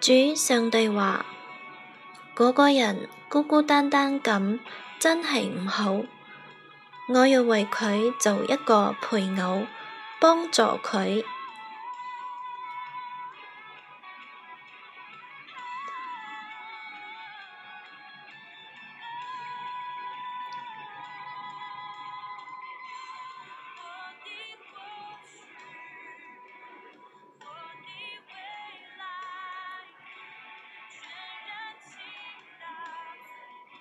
主上帝話：嗰、那個人孤孤單單咁，真係唔好，我要為佢做一個配偶，幫助佢。